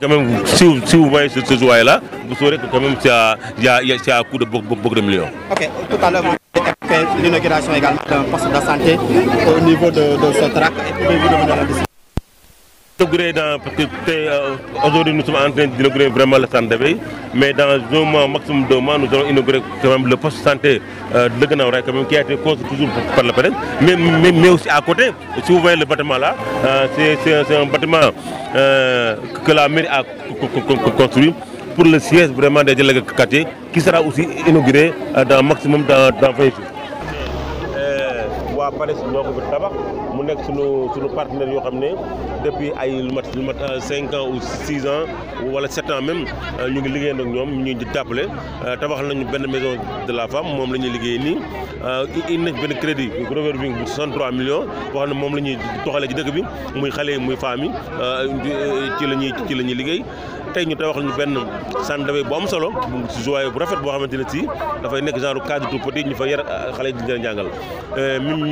Quand même, si vous, si vous voyez ce, ce là vous saurez que quand même c'est a un coup de beaucoup, de millions. Ok, tout à l'heure, vous avez fait l'inauguration également d'un poste de santé au niveau de, de ce track. Pouvez-vous devenir la euh, aujourd'hui nous sommes en train d'inaugurer vraiment le centre vie, mais dans un mois, maximum deux mois, nous allons inaugurer le poste euh, de santé de Ganaura, même, qui a été construit toujours par la paix, e mais, mais, aussi à côté, si vous voyez le bâtiment là, euh, c'est un bâtiment que la mairie a construit pour le siège vraiment des délégués qui sera aussi inauguré dans maximum dans, dans 20 jours. waa Paris ñoo ko fi tabax mu nekk sunu sunu partenaire yoo xam ne depuis ay lu mat lu mat euh, cinq ans ou six ans wala sept ans même euh, ñu ngi liggéey ak ñoom ñu ngi jàppale euh, tabax nañu benn maison de la femme moom la ñuy liggéey nii indi nañ benn crédit revolving bu 63 millions boo xam ne moom la ñuy doxalee ci dëkk bi muy xale yi muy femme yi ci la ñuy ci la ñuy liggéey tey ñu tabax lañu benn centre de veille bu am solo si joye bu rafet boo xamante ne si dafay nekk genre cadre tout petit ñu fa yar xale di leen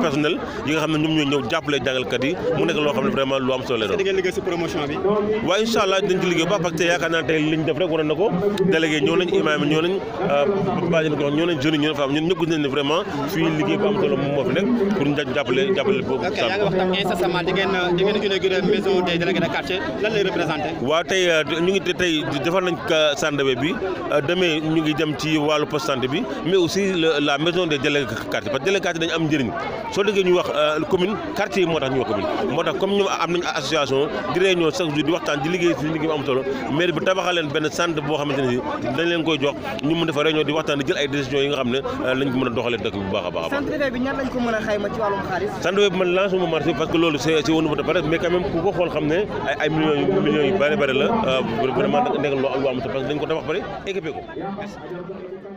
personnel yi nga xam ñoom ñoom ñew jappalé jangal kat yi mu nekk lo xam vraiment lu am solo lay doon. ngeen liggéey ci promotion bi. wa inshallah allah dañ ci liggéey bu baax parce que yaaka na tey liñ def rek waroon na ko délégué ñëw nañ imaam ñëw nañ bàjjen gox ñoo nañ jëri ñëw fa femmes ñun ñëpp gis ni vraiment fii liggéey bu am solo moom moo fi nekk pour ñu jappalé jappalé boobu. ok yaa ngi wax tam incessamment di ngeen di ngeen inauguré maison des délégués de quartier lan lay représenter wa tey euh, ñu ngi tey defar nañ ka Sandabe bi euh, demee ñu ngi dem ci walu postante bi mais aussi la maison des délégués de quartier parce que délégués de dañu am jëriñ soo déggee ñuy wax euh, commune quartier yi moo tax ñu wax commune moo tax comme ñoom am nañu association di réunion chaque jour di waxtaan di liggéey si liggéey bi am solo maire benn centre boo xamante ne si dañ leen ko mën a a baax. a xayma ci wàllum xaalis. centre bi man lancer ma parce que loolu c' est c' est pare mais quand ku ko xool xam ne ay ay yu millions yu bëri bëri la euh, vraiment nekk loo am lu am parce que dañ ko tabax pare équipé ko